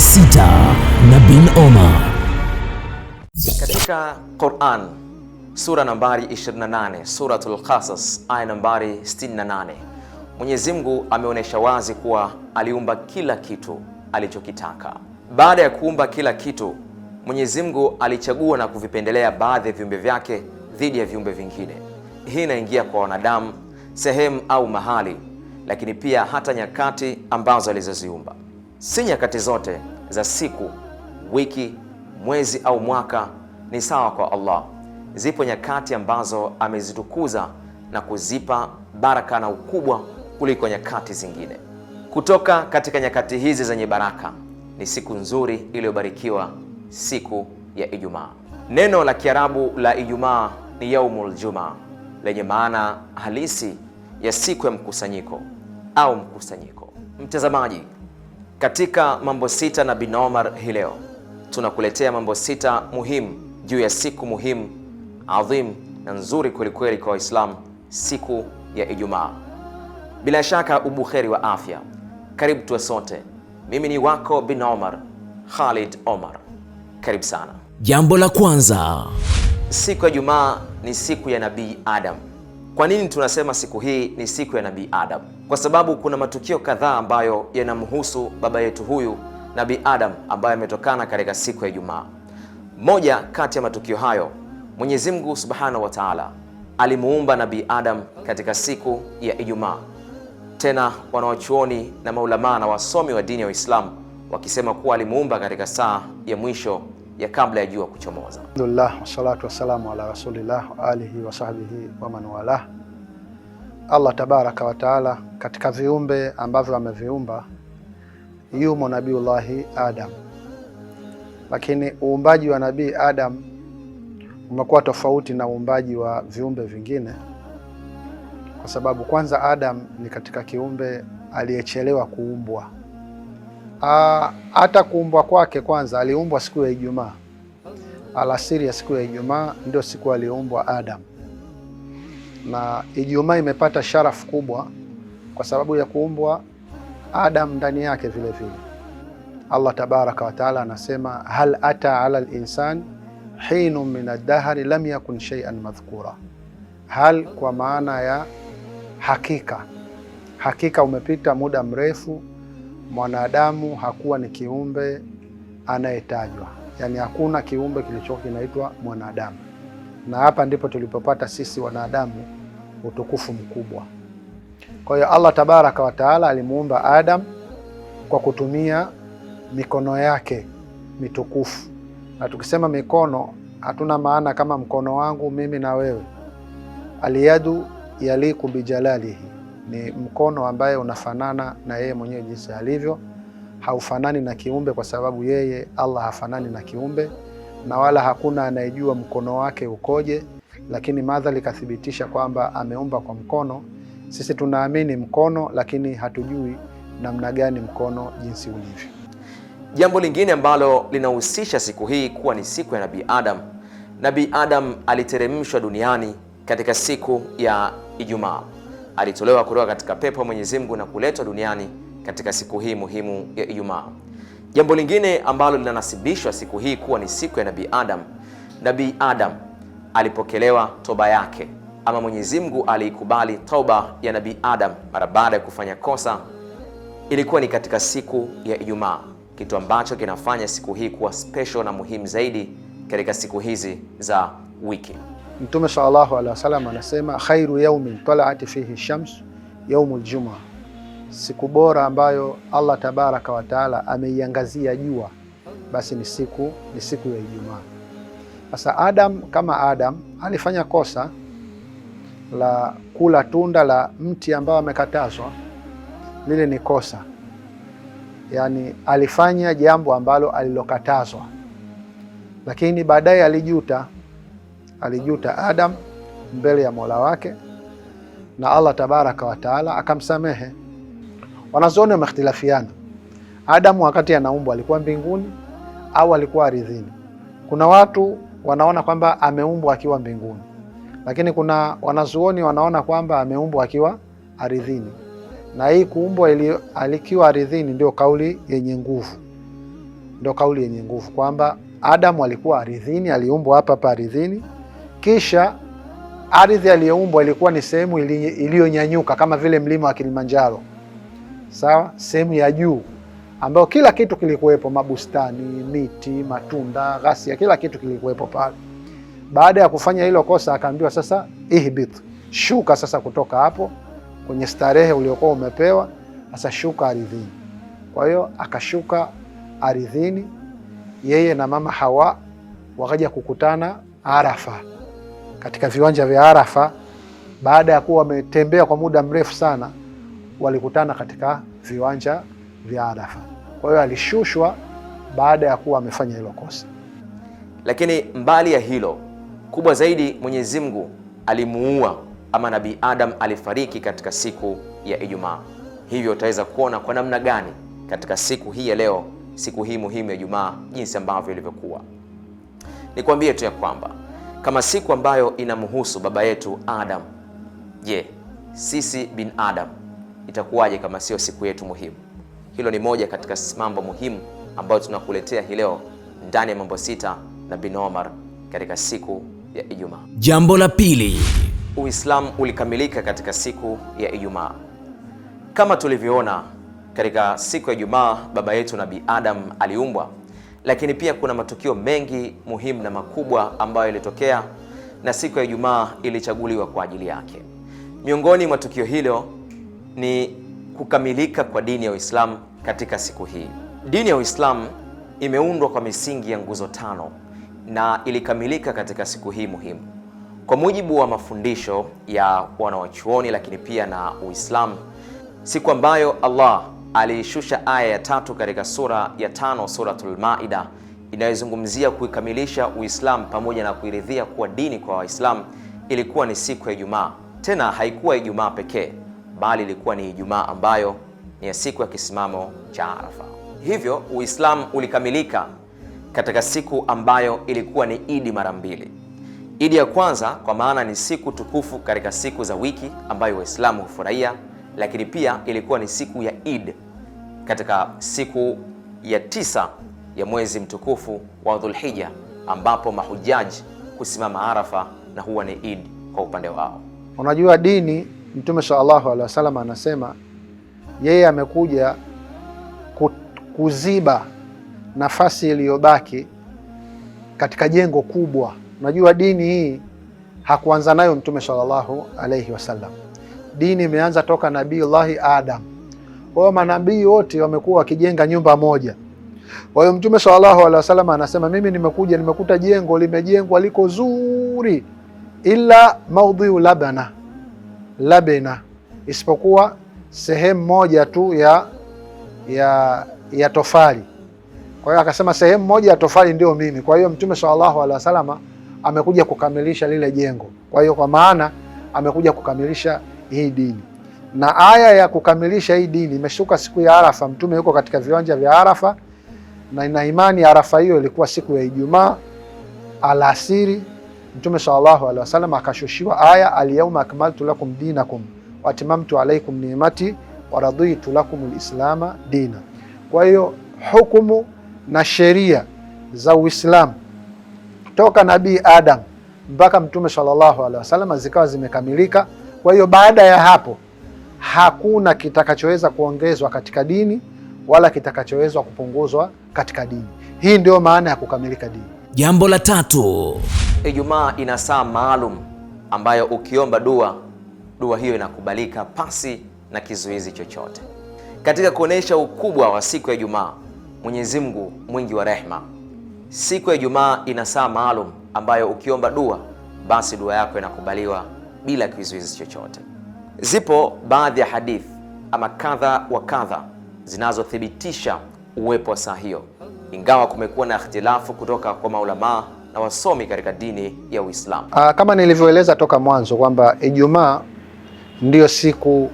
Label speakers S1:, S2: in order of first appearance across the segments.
S1: sita na bin Omar. Katika Quran sura nambari 28 Suratul Qasas aya nambari 68 Mwenyezi Mungu ameonyesha wazi kuwa aliumba kila kitu alichokitaka. Baada ya kuumba kila kitu, Mwenyezi Mungu alichagua na kuvipendelea baadhi ya viumbe vyake dhidi ya viumbe vingine. Hii inaingia kwa wanadamu, sehemu au mahali, lakini pia hata nyakati ambazo alizoziumba. Si nyakati zote za siku, wiki, mwezi au mwaka ni sawa kwa Allah. Zipo nyakati ambazo amezitukuza na kuzipa baraka na ukubwa kuliko nyakati zingine. Kutoka katika nyakati hizi zenye baraka ni siku nzuri iliyobarikiwa, siku ya Ijumaa. Neno la Kiarabu la Ijumaa ni yaumul juma, lenye maana halisi ya siku ya mkusanyiko au mkusanyiko. Mtazamaji, katika mambo sita na Bin Omar hii leo tunakuletea mambo sita muhimu juu ya siku muhimu adhim na nzuri kwelikweli kwa Waislamu, siku ya Ijumaa. Bila shaka ubuheri wa afya, karibu tuwe sote. Mimi ni wako Bin Omar Khalid Omar, karibu sana.
S2: Jambo la kwanza,
S1: siku ya Ijumaa ni siku ya Nabii Adam kwa nini tunasema siku hii ni siku ya Nabii Adam? Kwa sababu kuna matukio kadhaa ambayo yanamhusu baba yetu huyu Nabii Adam ambayo yametokana katika siku ya Ijumaa. Moja kati ya matukio hayo, Mwenyezi Mungu Subhanahu wa Ta'ala alimuumba Nabii Adam katika siku ya Ijumaa. Tena wanawachuoni na maulamaa na wasomi wa dini ya Uislamu wakisema kuwa alimuumba katika saa ya mwisho ya kabla ya jua kuchomoza.
S3: Alhamdulillah wassalatu wassalamu ala rasulillah wa alihi wa sahbihi wa man wala. Allah tabaraka wa taala, katika viumbe ambavyo ameviumba yumo Nabiullahi Adam, lakini uumbaji wa Nabii Adam umekuwa tofauti na uumbaji wa viumbe vingine, kwa sababu kwanza Adam ni katika kiumbe aliyechelewa kuumbwa Ah, hata kuumbwa kwake, kwanza aliumbwa siku ya Ijumaa, alasiri ya siku ya Ijumaa ndio siku aliumbwa Adam, na Ijumaa imepata sharafu kubwa kwa sababu ya kuumbwa Adam ndani yake vile vile. Allah tabaraka wa taala anasema hal ata ala linsan hinu min adahari lam yakun shay'an madhkura. Hal kwa maana ya hakika, hakika umepita muda mrefu mwanadamu hakuwa ni kiumbe anayetajwa, yaani hakuna kiumbe kilichokuwa kinaitwa mwanadamu, na hapa ndipo tulipopata sisi wanadamu utukufu mkubwa. Kwa hiyo Allah tabaraka wa taala alimuumba Adam kwa kutumia mikono yake mitukufu, na tukisema mikono hatuna maana kama mkono wangu mimi na wewe, aliyadu yaliku bijalalihi ni mkono ambaye unafanana na yeye mwenyewe jinsi alivyo, haufanani na kiumbe, kwa sababu yeye Allah hafanani na kiumbe na wala hakuna anayejua mkono wake ukoje, lakini madhali kathibitisha kwamba ameumba kwa mkono. Sisi tunaamini mkono, lakini hatujui namna gani mkono jinsi ulivyo.
S1: Jambo lingine ambalo linahusisha siku hii kuwa ni siku ya Nabii Adam. Nabii Adam aliteremshwa duniani katika siku ya Ijumaa alitolewa kutoka katika pepo ya Mwenyezi Mungu na kuletwa duniani katika siku hii muhimu ya Ijumaa. Jambo lingine ambalo linanasibishwa siku hii kuwa ni siku ya Nabii Adam, Nabii Adam alipokelewa toba yake, ama Mwenyezi Mungu aliikubali toba ya Nabii Adam mara baada ya kufanya kosa. Ilikuwa ni katika siku ya Ijumaa, kitu ambacho kinafanya siku hii kuwa special na muhimu zaidi katika siku hizi za wiki.
S3: Mtume sallallahu alaihi wasallam anasema khairu yaumin talaat fihi shams yaumul juma, siku bora ambayo Allah tabaraka wa taala ameiangazia jua basi ni siku ni siku ya Ijumaa. Sasa Adam kama Adam alifanya kosa la kula tunda la mti ambao amekatazwa, lile ni kosa, yaani alifanya jambo ambalo alilokatazwa, lakini baadaye alijuta alijuta Adam mbele ya Mola wake na Allah tabaraka wa taala akamsamehe. Wanazuoni wamehtilafiana, Adam wakati anaumbwa alikuwa mbinguni au alikuwa aridhini? Kuna watu wanaona kwamba ameumbwa akiwa mbinguni, lakini kuna wanazuoni wanaona kwamba ameumbwa akiwa aridhini, na hii kuumbwa alikiwa aridhini ndio kauli yenye nguvu, ndio kauli yenye nguvu kwamba Adam alikuwa aridhini, aliumbwa hapa hapa aridhini. Kisha ardhi aliyoumbwa ilikuwa ni sehemu iliyonyanyuka kama vile mlima wa Kilimanjaro, sawa, sehemu ya juu ambayo kila kitu kilikuwepo, mabustani, miti, matunda, ghasia, kila kitu kilikuwepo pale. Baada ya kufanya hilo kosa, akaambiwa sasa, ihbit, shuka sasa kutoka hapo kwenye starehe uliokuwa umepewa, sasa shuka ardhini. Kwa hiyo akashuka ardhini, yeye na mama Hawa wakaja kukutana Arafa katika viwanja vya Arafa, baada ya kuwa wametembea kwa muda mrefu sana, walikutana katika viwanja vya Arafa. Kwa hiyo alishushwa baada ya kuwa amefanya hilo kosa.
S1: Lakini mbali ya hilo kubwa zaidi, Mwenyezi Mungu alimuua ama Nabii Adam alifariki katika siku ya Ijumaa. Hivyo utaweza kuona kwa namna gani katika siku hii ya leo, siku hii muhimu ya Ijumaa, jinsi ambavyo ilivyokuwa. Nikwambie tu ya kwamba kama siku ambayo inamhusu baba yetu Adam. Je, sisi bin Adam itakuwaje kama sio siku yetu muhimu? Hilo ni moja katika mambo muhimu ambayo tunakuletea hii leo ndani ya mambo sita na bin Omar katika siku ya Ijumaa.
S2: Jambo la pili,
S1: Uislamu ulikamilika katika siku ya Ijumaa. Kama tulivyoona katika siku ya Ijumaa, baba yetu Nabii Adam aliumbwa lakini pia kuna matukio mengi muhimu na makubwa ambayo yalitokea na siku ya Ijumaa ilichaguliwa kwa ajili yake. Miongoni mwa tukio hilo ni kukamilika kwa dini ya Uislamu katika siku hii. Dini ya Uislamu imeundwa kwa misingi ya nguzo tano na ilikamilika katika siku hii muhimu. Kwa mujibu wa mafundisho ya wanawachuoni, lakini pia na Uislamu, siku ambayo Allah aliishusha aya ya tatu katika sura ya tano Suratul Maida inayozungumzia kuikamilisha Uislamu pamoja na kuiridhia kuwa dini kwa Waislamu. Ilikuwa ni siku ya Ijumaa, tena haikuwa Ijumaa pekee, bali ilikuwa ni Ijumaa ambayo ni ya siku ya kisimamo cha Arafa. Hivyo Uislamu ulikamilika katika siku ambayo ilikuwa ni idi mara mbili. Idi ya kwanza kwa maana ni siku tukufu katika siku za wiki ambayo Waislamu hufurahia, lakini pia ilikuwa ni siku ya Idi katika siku ya tisa ya mwezi mtukufu wa Dhulhija, ambapo mahujaji husimama Arafa na huwa ni Eid kwa upande wao.
S3: Unajua dini, Mtume sallallahu alaihi wasallam anasema yeye amekuja kuziba nafasi iliyobaki katika jengo kubwa. Unajua dini hii hakuanza nayo Mtume sallallahu alaihi wasallam, dini imeanza toka Nabii Allahi Adam. Kwa hiyo manabii wote wamekuwa wakijenga nyumba moja. Kwa hiyo Mtume sallallahu alaihi wasallam anasema, mimi nimekuja nimekuta jengo limejengwa liko zuri, ila maudhiu labana labena, isipokuwa sehemu moja tu ya ya ya tofali. Kwa hiyo akasema sehemu moja ya tofali ndio mimi. Kwa hiyo Mtume sallallahu alaihi wasallam amekuja kukamilisha lile jengo. Kwa hiyo kwa maana amekuja kukamilisha hii dini na aya ya kukamilisha hii dini imeshuka siku ya Arafa. Mtume yuko katika viwanja vya Arafa na ina imani Arafa hiyo ilikuwa siku ya Ijumaa alasiri. Mtume sallallahu alaihi wasallam akashushiwa aya alyauma akmaltu lakum dinakum wa alaikum ni'mati wa raditu lakum alislama dina. Kwa hiyo hukumu na sheria za Uislamu toka Nabii Adam mpaka Mtume sallallahu alaihi wasallam zikawa zimekamilika. Kwa hiyo baada ya hapo hakuna kitakachoweza kuongezwa katika dini wala kitakachoweza kupunguzwa katika dini. Hii ndiyo maana ya kukamilika dini.
S2: Jambo la tatu,
S1: Ijumaa ina saa maalum ambayo ukiomba dua, dua hiyo inakubalika pasi na kizuizi chochote. Katika kuonyesha ukubwa wa siku ya Ijumaa, Mwenyezi Mungu mwingi wa rehema, siku ya Ijumaa ina saa maalum ambayo ukiomba dua, basi dua yako inakubaliwa bila kizuizi chochote. Zipo baadhi ya hadithi ama kadha wa kadha zinazothibitisha uwepo wa saa hiyo, ingawa kumekuwa na ikhtilafu kutoka kwa maulamaa na wasomi katika dini ya Uislamu.
S3: Ah, kama nilivyoeleza toka mwanzo kwamba Ijumaa ndiyo siku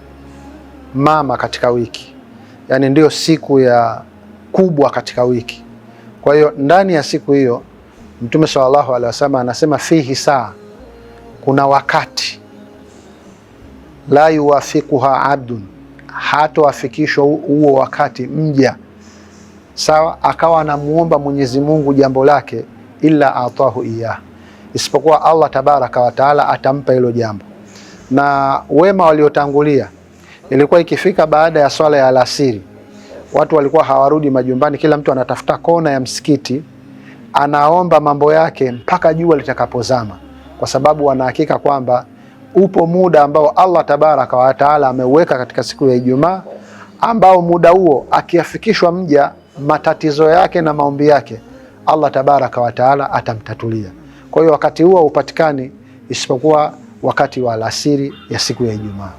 S3: mama katika wiki, yaani ndiyo siku ya kubwa katika wiki. Kwa hiyo ndani ya siku hiyo Mtume sallallahu alaihi wasallam anasema fihi saa, kuna wakati la yuwafikuha abdun, hatoafikishwa huo wakati mja sawa, akawa anamuomba Mwenyezi Mungu jambo lake, illa atahu iyah, isipokuwa Allah tabaraka wataala atampa hilo jambo. Na wema waliotangulia, ilikuwa ikifika baada ya swala ya alasiri, watu walikuwa hawarudi majumbani, kila mtu anatafuta kona ya msikiti anaomba mambo yake mpaka jua litakapozama, kwa sababu wanahakika kwamba upo muda ambao Allah tabaraka wa taala ameuweka katika siku ya Ijumaa, ambao muda huo akiafikishwa mja matatizo yake na maombi yake Allah tabaraka wa taala atamtatulia. Kwa hiyo wakati huo upatikani isipokuwa wakati wa alasiri ya siku ya Ijumaa.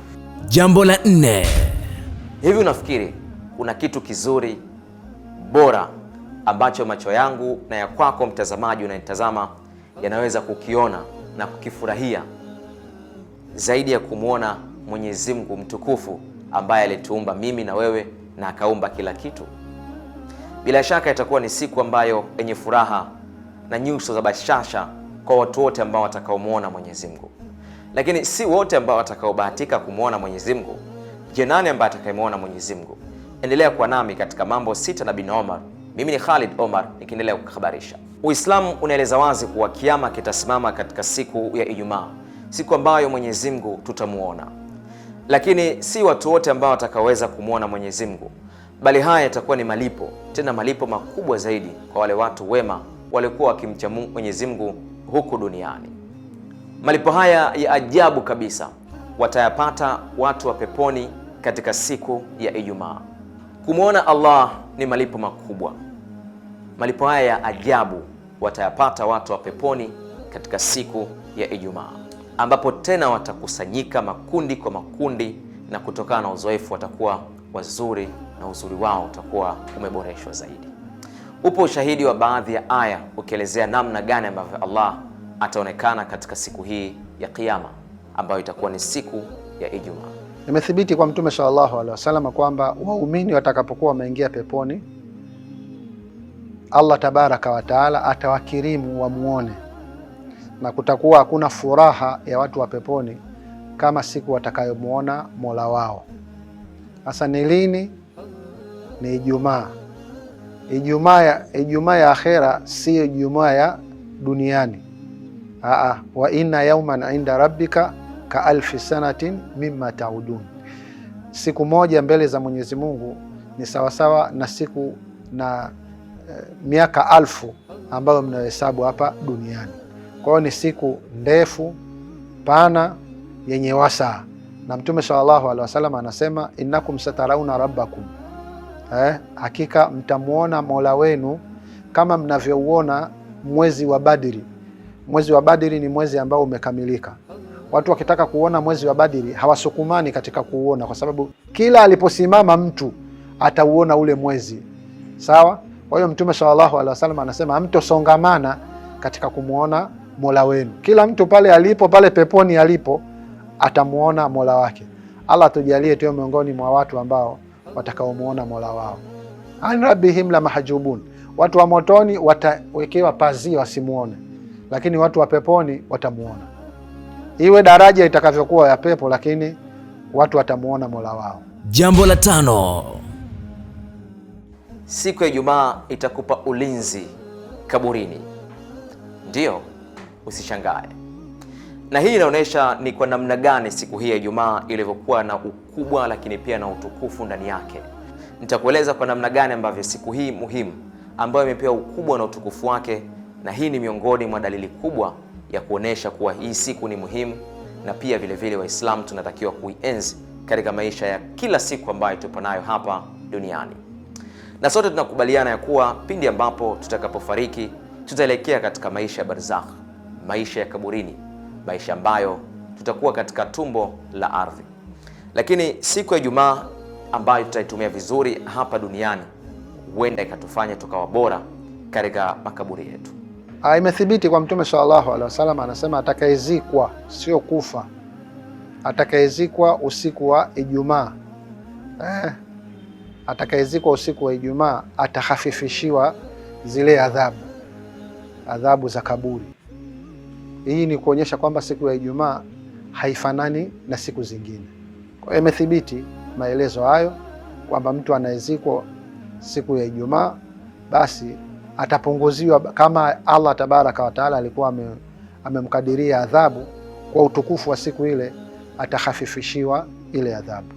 S2: Jambo la nne,
S1: hivi unafikiri kuna kitu kizuri bora ambacho macho yangu na ya kwako mtazamaji unanitazama yanaweza kukiona na kukifurahia zaidi ya kumwona Mwenyezi Mungu mtukufu ambaye alituumba mimi na wewe na akaumba kila kitu. Bila shaka itakuwa ni siku ambayo yenye furaha na nyuso za bashasha kwa watu wote ambao watakaomwona Mwenyezi Mungu, lakini si wote ambao watakaobahatika kumwona Mwenyezi Mungu. Je, nani ambaye atakayemwona Mwenyezi Mungu? Endelea kuwa nami katika Mambo Sita na Bin Omar. Mimi ni Khalid Omar nikiendelea kukuhabarisha. Uislamu unaeleza wazi kuwa kiama kitasimama katika siku ya Ijumaa siku ambayo Mwenyezi Mungu tutamuona. Lakini si watu wote ambao watakaweza kumwona Mwenyezi Mungu, bali haya yatakuwa ni malipo, tena malipo makubwa zaidi kwa wale watu wema waliokuwa wakimcha Mwenyezi Mungu huku duniani. Malipo haya ya ajabu kabisa watayapata watu wa peponi katika siku ya Ijumaa. Kumwona Allah ni malipo makubwa. Malipo haya ya ajabu watayapata watu wa peponi katika siku ya Ijumaa ambapo tena watakusanyika makundi kwa makundi, na kutokana na uzoefu watakuwa wazuri na uzuri wao utakuwa umeboreshwa zaidi. Upo ushahidi wa baadhi ya aya ukielezea namna gani ambavyo Allah ataonekana katika siku hii ya Kiyama ambayo itakuwa ni siku ya Ijumaa.
S3: Imethibiti kwa Mtume sallallahu alaihi wasallam kwamba waumini watakapokuwa wameingia peponi, Allah tabaraka wataala atawakirimu wamwone na kutakuwa hakuna furaha ya watu wa peponi kama siku watakayomwona Mola wao. Sasa ni lini? Ni Ijumaa. Ijumaa ya, Ijumaa ya akhera, siyo Ijumaa ya duniani. Aa, wa inna yauman inda rabbika ka alfi sanatin mimma taudun, siku moja mbele za Mwenyezi Mungu ni sawasawa na siku na e, miaka alfu ambayo mnayohesabu hapa duniani. Kwa hiyo ni siku ndefu pana yenye wasaa, na Mtume sallallahu alaihi wasallam anasema innakum satarauna rabbakum eh, hakika mtamwona mola wenu kama mnavyouona mwezi wa Badiri. Mwezi wa Badiri ni mwezi ambao umekamilika. Watu wakitaka kuona mwezi wa Badiri hawasukumani katika kuuona, kwa sababu kila aliposimama mtu atauona ule mwezi sawa. Kwa hiyo Mtume sallallahu alaihi wasallam anasema mtosongamana katika kumwona mola wenu. Kila mtu pale alipo, pale peponi alipo, atamuona mola wake. Allah tujalie tuwe miongoni mwa watu ambao watakaomuona mola wao. an rabbihim la mahjubun, watu wa motoni watawekewa pazia wasimuone, lakini watu wa peponi watamuona. Iwe daraja itakavyokuwa ya pepo, lakini watu watamuona mola wao.
S2: Jambo la tano,
S1: siku ya Ijumaa itakupa ulinzi kaburini. Ndiyo usishangae. Na hii inaonyesha ni kwa namna gani siku hii ya Ijumaa ilivyokuwa na ukubwa, lakini pia na utukufu ndani yake. Nitakueleza kwa namna gani ambavyo siku hii muhimu ambayo imepewa ukubwa na utukufu wake, na hii ni miongoni mwa dalili kubwa ya kuonesha kuwa hii siku ni muhimu, na pia vilevile Waislamu tunatakiwa kuienzi katika maisha ya kila siku ambayo tupo nayo hapa duniani. Na sote tunakubaliana ya kuwa pindi ambapo tutakapofariki tutaelekea katika maisha ya barzakh maisha ya kaburini, maisha ambayo tutakuwa katika tumbo la ardhi. Lakini siku ya Ijumaa ambayo tutaitumia vizuri hapa duniani huenda ikatufanya tukawa bora katika makaburi yetu.
S3: Ah, imethibiti kwa Mtume sallallahu alaihi wasallam anasema, atakayezikwa sio kufa, atakayezikwa usiku wa Ijumaa eh, atakayezikwa usiku wa Ijumaa atahafifishiwa zile adhabu adhabu za kaburi. Hii ni kuonyesha kwamba siku ya Ijumaa haifanani na siku zingine. Kwa hiyo imethibiti maelezo hayo kwamba mtu anayezikwa siku ya Ijumaa basi atapunguziwa kama Allah tabaraka wataala alikuwa amemkadiria adhabu kwa utukufu wa siku ile, atahafifishiwa ile adhabu.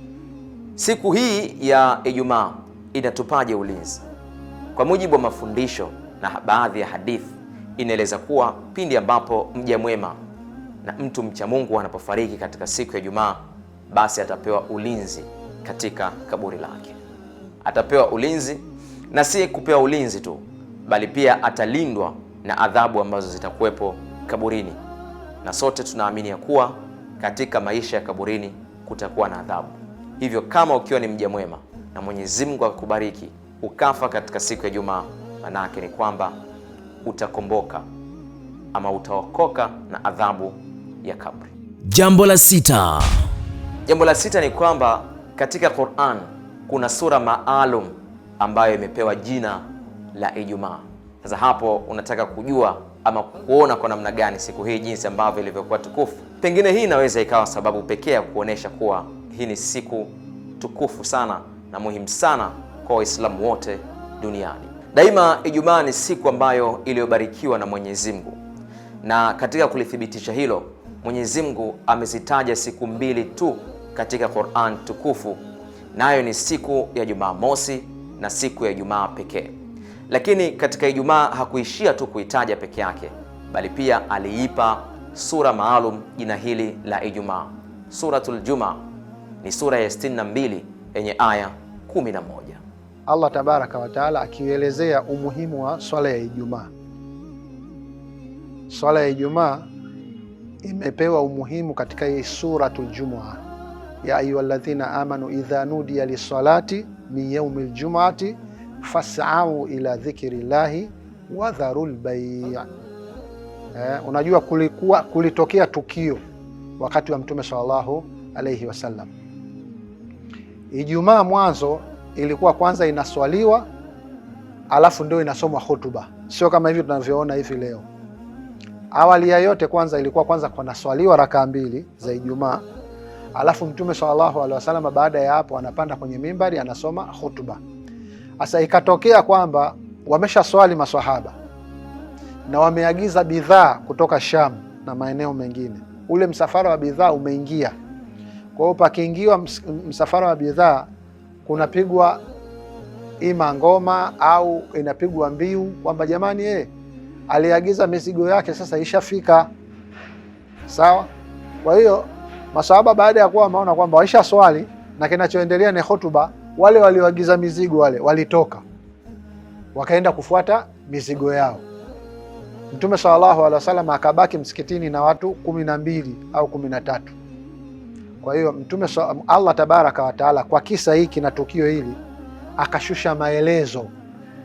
S1: Siku hii ya Ijumaa inatupaje ulinzi? Kwa mujibu wa mafundisho na baadhi ya hadithi inaeleza kuwa pindi ambapo mja mwema na mtu mcha Mungu anapofariki katika siku ya Ijumaa, basi atapewa ulinzi katika kaburi lake. Atapewa ulinzi na si kupewa ulinzi tu, bali pia atalindwa na adhabu ambazo zitakuwepo kaburini, na sote tunaamini ya kuwa katika maisha ya kaburini kutakuwa na adhabu. Hivyo kama ukiwa ni mja mwema na Mwenyezi Mungu akubariki ukafa katika siku ya Ijumaa, manake ni kwamba utakomboka ama utaokoka na adhabu ya kabri.
S2: Jambo la sita,
S1: jambo la sita ni kwamba katika Qur'an kuna sura maalum ambayo imepewa jina la Ijumaa. Sasa hapo unataka kujua ama kuona kwa namna gani siku hii jinsi ambavyo ilivyokuwa tukufu. Pengine hii inaweza ikawa sababu pekee ya kuonesha kuwa hii ni siku tukufu sana na muhimu sana kwa Waislamu wote duniani. Daima Ijumaa ni siku ambayo iliyobarikiwa na Mwenyezi Mungu, na katika kulithibitisha hilo, Mwenyezi Mungu amezitaja siku mbili tu katika Qur'an tukufu, nayo ni siku ya Jumamosi na siku ya Ijumaa pekee. Lakini katika Ijumaa hakuishia tu kuitaja peke yake, bali pia aliipa sura maalum jina hili la Ijumaa. Suratul Juma ni sura ya 62 yenye aya 11.
S3: Allah tabaraka wataala akielezea umuhimu wa swala ya Ijumaa. Swala ya Ijumaa imepewa umuhimu katika hii Suratul Jumua, ya ayyuhalladhina amanu idha nudiya lisalati min yaumi jumuati fasau ila dhikrillahi wadharul bai'. Eh, unajua kulikuwa kulitokea tukio wakati wa Mtume sallallahu alayhi wasallam Ijumaa mwanzo ilikuwa kwanza inaswaliwa alafu ndio inasomwa hotuba, sio kama hivi tunavyoona hivi leo. Awali ya yote, kwanza ilikuwa kwanza kunaswaliwa rakaa mbili za Ijumaa, alafu Mtume sallallahu alaihi wasallam baada ya hapo anapanda kwenye mimbari anasoma hotuba. Sasa ikatokea kwamba wamesha swali maswahaba na wameagiza bidhaa kutoka Sham na maeneo mengine, ule msafara wa bidhaa umeingia. Kwa hiyo pakiingiwa msafara wa bidhaa kunapigwa ima ngoma au inapigwa mbiu kwamba jamani, ye eh, aliagiza mizigo yake sasa ishafika. Sawa. Kwa hiyo masahaba baada ya kuwa wameona kwamba waisha swali na kinachoendelea ni hotuba, wale walioagiza mizigo wale walitoka wakaenda kufuata mizigo yao. Mtume sallallahu alaihi wasallam akabaki msikitini na watu kumi na mbili au kumi na tatu. Kwa hiyo mtume Allah tabaraka wa taala kwa kisa hiki na tukio hili akashusha maelezo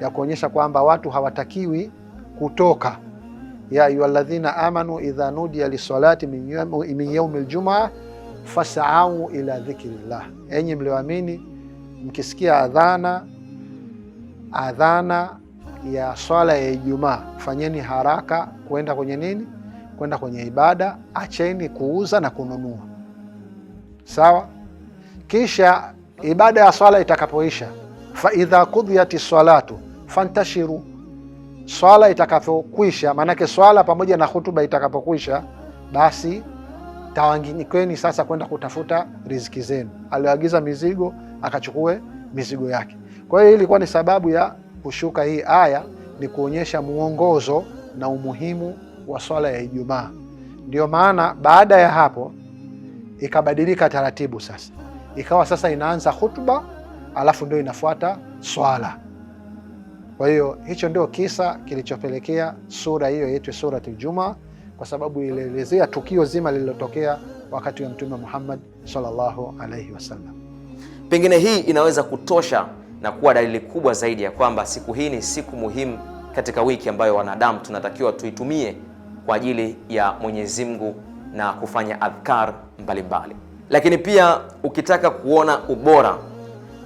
S3: ya kuonyesha kwamba watu hawatakiwi kutoka ya ayyuhalladhina amanu idha nudiya lisalati min yaumi ljumaa fasau ila dhikrillah, enyi mlioamini mkisikia adhana adhana ya swala ya Ijumaa fanyeni haraka kwenda kwenye nini, kwenda kwenye ibada, acheni kuuza na kununua. Sawa. Kisha ibada ya swala itakapoisha, fa idha qudhiyati salatu fantashiru, swala itakapokwisha, maanake swala pamoja na hutuba itakapokwisha, basi tawanginikweni sasa kwenda kutafuta riziki zenu. Alioagiza mizigo akachukue mizigo yake. Kwa hiyo ilikuwa ni sababu ya kushuka hii aya, ni kuonyesha muongozo na umuhimu wa swala ya Ijumaa. ndio maana baada ya hapo Ikabadilika taratibu sasa, ikawa sasa inaanza hutuba, alafu ndio inafuata swala. Kwa hiyo hicho ndio kisa kilichopelekea sura hiyo yetu Suratul Juma, kwa sababu ilielezea tukio zima lililotokea wakati wa Mtume Muhammad sallallahu alaihi wasallam.
S1: Pengine hii inaweza kutosha na kuwa dalili kubwa zaidi ya kwamba siku hii ni siku muhimu katika wiki ambayo wanadamu tunatakiwa tuitumie kwa ajili ya Mwenyezi Mungu na kufanya adhkar mbalimbali. Lakini pia ukitaka kuona ubora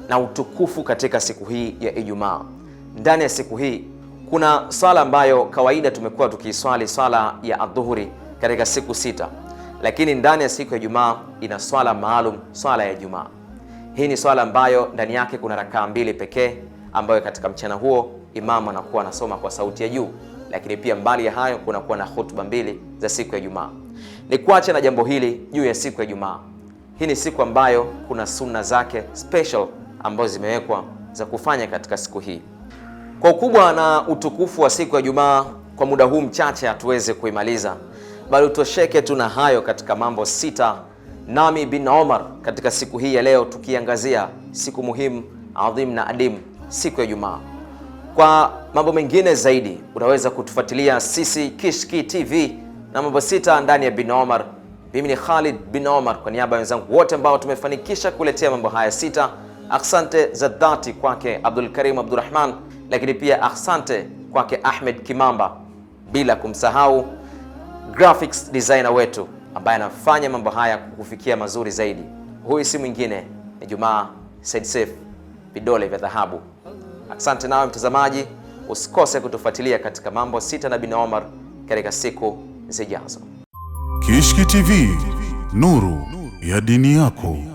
S1: na utukufu katika siku hii ya Ijumaa, ndani ya siku hii kuna swala ambayo kawaida tumekuwa tukiiswali swala ya adhuhuri katika siku sita, lakini ndani ya siku ya Ijumaa ina swala maalum, swala ya Ijumaa. Hii ni swala ambayo ndani yake kuna rakaa mbili pekee, ambayo katika mchana huo imamu anakuwa anasoma kwa sauti ya juu, lakini pia mbali ya hayo kunakuwa na hutuba mbili za siku ya Ijumaa ni kuacha na jambo hili juu ya siku ya Ijumaa. Hii ni siku ambayo kuna sunna zake special ambazo zimewekwa za kufanya katika siku hii. Kwa ukubwa na utukufu wa siku ya Ijumaa, kwa muda huu mchache hatuweze kuimaliza, bali utosheke tu na hayo katika mambo sita, nami bin Omar, katika siku hii ya leo, tukiangazia siku muhimu adhim na adim siku ya Ijumaa. Kwa mambo mengine zaidi, unaweza kutufuatilia sisi Kishki TV na mambo sita ndani ya bin Omar. Mimi ni Khalid bin Omar, kwa niaba ya wenzangu wote ambao tumefanikisha kuletea mambo haya sita, asante za dhati kwake Abdul Karim Abdurrahman, lakini pia asante kwake Ahmed Kimamba, bila kumsahau graphics designer wetu ambaye anafanya mambo haya kufikia mazuri zaidi. Huyu si mwingine ni Jumaa Said Saif, vidole vya dhahabu. Asante nawe mtazamaji, usikose kutufuatilia katika mambo sita na bin Omar katika siku zijazo. Kishki TV, nuru ya dini yako.